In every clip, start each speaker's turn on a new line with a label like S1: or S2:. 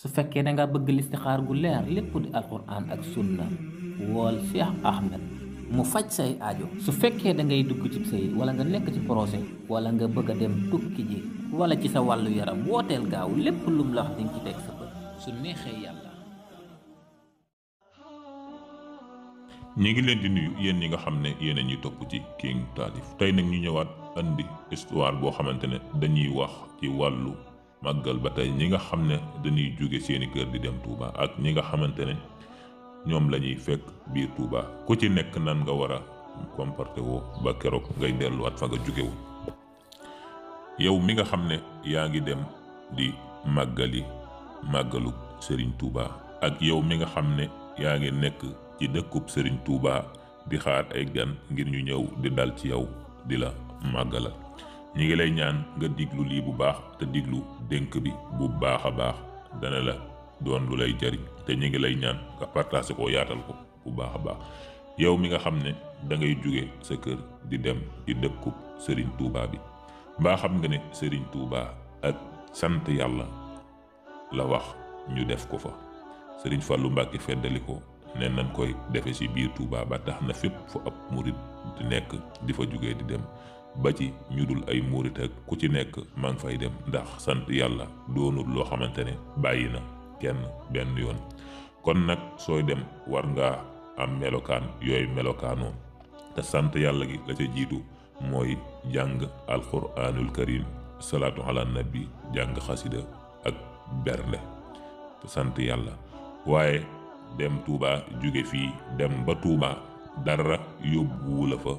S1: su fekkee da nga bëgg listixaar gu leer lépp di alquran ak sunna wool Cheikh Ahmed mu faj say aajo su fekkee dangay dugg ci sëy wala nga nekk ci projet wala nga bëgg a dem tukki ji wala ci sa wàllu yaram wooteel gaaw lépp lum la wax ci teg sa bët su neexee yàlla. ñu ngi leen di nuyu yéen ñi nga xam ne yéen a ñuy topp ci King Taalif tey nag ñu ñëwaat andi histoire boo xamante ne dañuy wax ci wàllu. màggal ba tey ñi nga xam ne dañuy jóge seeni kër di dem Touba ak ñi nga xamante ne ñoom la ñuy fekk biir tuuba ku ci nekk nan nga war a comporté woo ba keroog ngay delluwaat fa nga jóge wu yow mi nga xam ne yaa ngi dem di màggali màggalu sëriñ Touba ak yow mi nga xam ne yaa ngi nekk ci dëkkub sëriñ tuuba di xaar ay gan ngir ñu ñëw di dal ci yow di la màggalal ñi ngi lay ñaan nga diglu lii bu baax te diglu dénk bi bu baax a baax dana la doon lu lay jariñ te ñi ngi lay ñaan nga partagé ko yaatal ko bu baax a baax yow mi nga xam ne dangay jóge sa kër di dem di dëkkub sëriñ Touba bi mbaa xam nga ne sëriñ Touba ak sant yàlla la wax ñu def ko fa sëriñ Fallou Mbacke feddali ko ne nañ koy defe ci biir Touba ba tax na fépp fu ab murit di nekk di fa jóge di dem ba ci ñu dul ay muurit ku ci nekk maa ngi fay dem ndax sant yàlla doonul loo xamante ne bàyyi na kenn benn yoon kon nag sooy dem war ngaa am melokaan yooyu melokaanoo te sant yàlla gi la ca jiitu mooy jàng alquranul karim salaatu ala nabi jàng xasida ak bernde te sant yàlla waaye dem Touba jóge fii dem ba Touba dara yóbbuwu la fa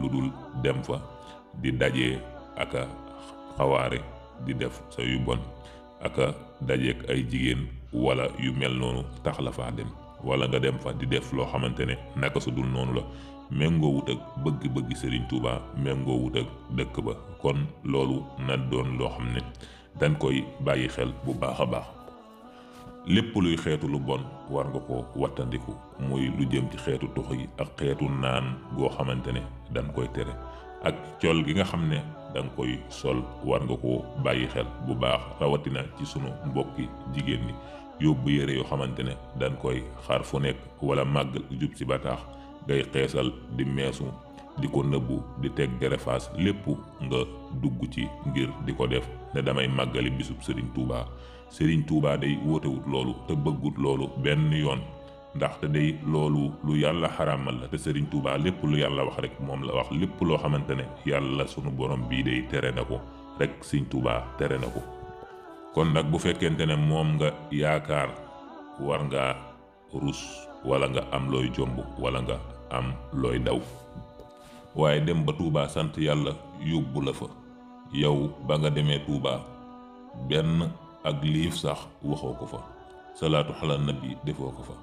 S1: lu dul dem fa di daje ak a xawaare di def sa yu bon ak a dajeek ay jigéen wala yu mel noonu tax la faa dem wala nga dem fa di def loo xamante ne nakka su dul noonu la méngoo wut ak bëgg-bëgg Serigne Touba méngoo wut ak dëkk ba kon loolu na doon loo xam ne dañ koy bàyyi xel bu baax a baax lépp luy xeetu lu bon war nga ko wattandiku muy lu jëm ci xeetu tux yi ak xeetu naan goo xamante ne dañ koy tere ak col gi nga xam ne da koy sol war nga ko bàyyi xel bu baax rawatina ci sunu mbokki jigéen ñi yóbbu yére yoo xamante ne dañ koy xar fu nekk wala màgg jub si ba tax ngay xeesal di meesu di ko nëbbu di teg gerefaas lépp nga dugg ci ngir di ko def ne damay màggali bisub Serigne Touba Serigne Touba day wóotewut loolu te bëggut loolu benn yoon ndaxte day loolu lu yàlla xaraamal la te Serigne Touba lépp lu yàlla wax rek moom la wax lépp loo xamante ne yàlla sunu borom bii day tere na ko rek Serigne Touba tere na ko kon nag bu fekkente ne moom nga yaakaar war ngaa rus walla nga am looy jomb wala nga am looy daw waaye dem ba Touba sant yàlla yóbbu la fa yow ba nga demee Touba benn ak liif sax waxoo ko fa salaatu xala nabi defoo ko fa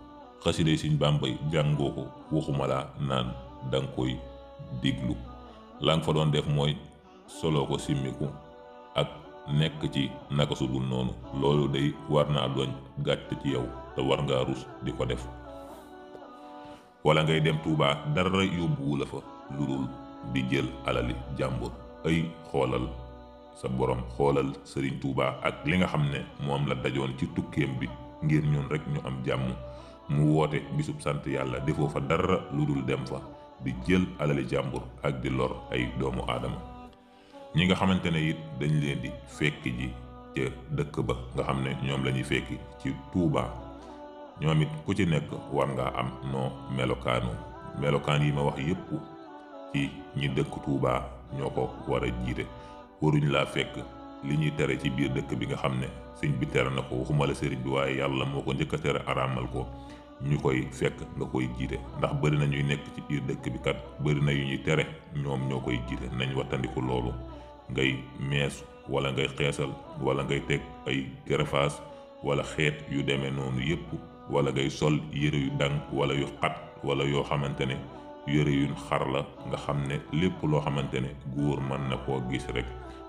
S1: xasiday Sëñ Bàmba jàngoo ko waxuma laa naan da nga koy diglu la fa doon def mooy soloo ko simmiku ak nekk ci naka su dul noonu loolu day war naa doon gàtt ci yow te war nga rus di ko def wala ngay dem Tuubaa dara yóbbuwu la fa lu dul di jël alali jàmbur ay xoolal sa borom xoolal Sëriñ Tuubaa ak li nga xam ne moom la dajoon ci tukkeem bi ngir ñun rekk ñu am jàmm mu woote bisub sant yàlla defoo fa dara lu dul dem fa di jël alali jàmbur ak di lor ay doomu aadama ñi nga xamante ne it dañ leen di fekk ji ca dëkk ba nga xam ne ñoom la ñuy fekki ci Tuubaa ñoom it ku ci nekk war ngaa am noo melokaanu melokaan yi ma wax yépp ci ñi dëkk Tuubaa ñoo ko war a jiite waruñ laa fekk li ñuy tere ci biir dëkk bi nga xam ne sëñ bi tere na ko waxuma la sëriñ bi waaye yàlla moo ko jëkk a tere araamal ko ñu koy fekk nga koy jiite ndax bëri na ñuy nekk ci biir dëkk bi kat bëri na yu ñuy tere ñoom ñoo koy jiite nañu wattandiku loolu ngay mees wala ngay xeesal wala ngay teg ay gerefaas wala xeet yu demee noonu yépp wala ngay sol yére yu dang wala yu xat wala yoo xamante ne yére yu xar la nga xam ne lépp loo xamante ne góor mën na koo gis rek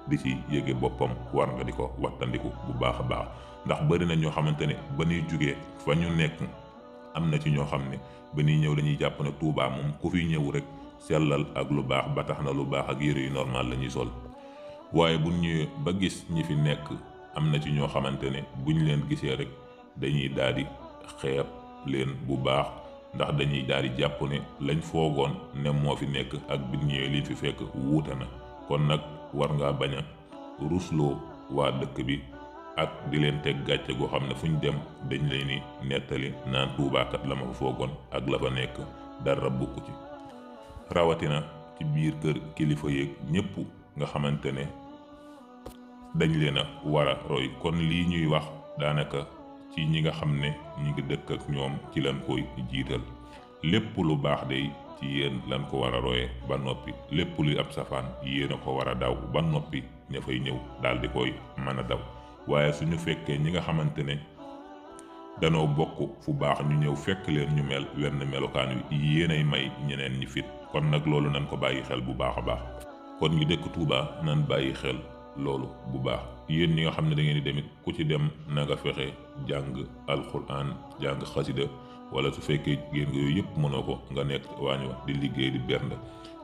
S1: di ci yéege boppam war nga di ko wattandiku bu baax a baax ndax bari na ñoo xamante ne ba ñuy jógee fa ñu nekk am na ci ñoo xam ne ba nuy ñëw dañuy jàpp ne tuubaa moom ku fi ñëw rek sellal ak lu baax ba tax na lu baax ak yére yu normal la ñuy sol waaye buñ ñëwee ba gis ñi fi nekk am na ci ñoo xamante ne buñ leen gisee rek dañuy daal di xeeb leen bu baax ndax dañuy daal di jàpp ne lañ foogoon ne moo fi nekk ak biñ ñëwee liñ fi fekk wuute na kon war ngaa bañ a rusloo waa dëkk bi ak di leen teg gàcce goo xam ne fu ñu dem dañ leen ni nettali naan tuubaakat la ma fa foogoon ak la fa nekk dara bokku ci rawatina ci biir kër kilifa yeeg ñépp nga xamante ne dañ leen a war a roy kon lii ñuy wax daanaka ci ñi nga xam ne ñi ngi dëkk ak ñoom ci leen koy jiital lépp lu baax day ci yéen lan ko war a roye ba noppi lépp luy ab safaan yéen a ko war a daw ba noppi ña fay ñëw daal di koy mën a daw waaye suñu fekkee ñi nga xamante ne danoo bokk fu baax ñu ñëw fekk leen ñu mel wenn melokaan wi yéenay may ñeneen ñi fit kon nag loolu nan ko bàyyi xel bu baax a baax kon ñu dëkk Touba nan bàyyi xel loolu bu baax yéen ñi nga xam ne dangeen ngeen di demit ku ci dem na nga fexe jàng alquran jàng xasida wala su fekkee jigéen yooyu yëpp mënoo ko nga nekk waañ wax di liggéey di bernde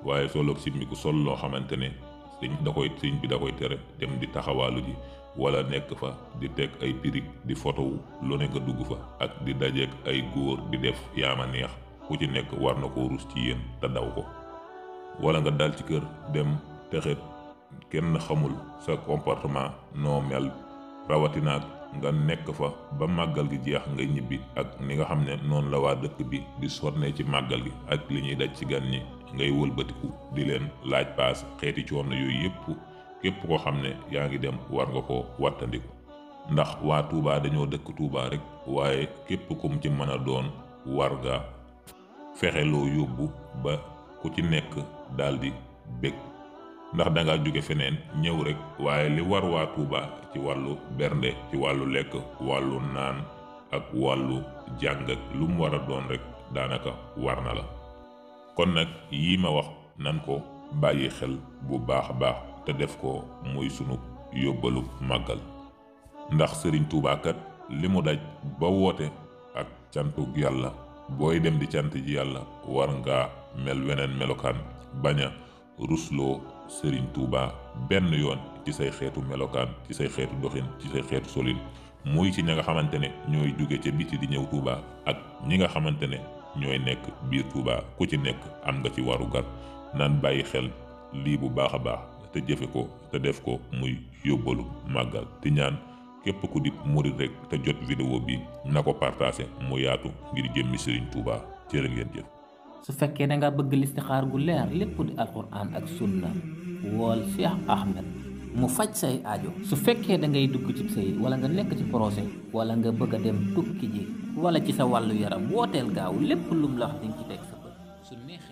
S1: waaye soloog simmiku sol loo xamante ne sëñ da koy sëñ bi da koy tere dem di taxawaalu ji wala nekk fa di teg ay pirig di fotowu lu ne nga dugg fa ak di dajeek ay góor di def yaa yaama neex ku ci nekk war na koo rus ci yéen te daw ko wala nga dal ci kër dem texet kenn xamul sa comportement noo mel rawatinaak nga nekk fa ba màggal gi jeex nga ñibbi ak ni nga xam ne noonu la waa dëkk bi di ne ci màggal gi ak li ñuy daj ci gan ñi ngay wëlbatiku di leen laaj paas xeeti coono yooyu yëpp képp koo xam ne yaa ngi dem war nga koo wattandiku ndax waa tuubaa dañoo dëkk tuubaa rek waaye képp kum ci mën a doon war nga fexe loo yóbbu ba ku ci nekk daal di bég ndax danga jóge feneen ñëw rekk waaye li war waa Touba ci wàllu bernde ci wàllu lekk wàllu naan ak wàllu jàng ak lu mu war a doon rek daanaka war na la kon nag yii ma wax nan ko bàyyi xel bu baax a baax te def ko muy sunu yóbbalu màggal ndax sëriñ tuubaakat li mu daj ba woote ak cantu yàlla booy dem di cant ji yàlla war ngaa mel weneen melokaan bañ rusloo Serigne Touba benn yoon ci say xeetu melokaan ci say xeetu doxin ci say xeetu solin muy ci ña nga xamante ne ñooy jóge ca biti di ñëw Touba ak ñi nga xamante ne ñooy nekk biir Touba ku ci nekk am nga ci warugar naan bàyyi xel lii bu baax a baax te jëfe ko te def ko muy yóbbalu màggal di ñaan képp ku di murit rek te jot vidéo bi na ko partagé mu yaatu ngir jëmmi Serigne Touba jërë ngeen jëf. su fekkee da nga bëgg listixaar gu leer lépp di alquran ak sunna wool Cheikh Ahmed mu faj say aajo su fekkee da ngay dugg ci sëy wala nga nekk ci projet wala nga bëgg a dem tukki ji wala ci sa wàllu yaram wooteel gaaw lépp lum la wax di nga ci teg sa bët su neexee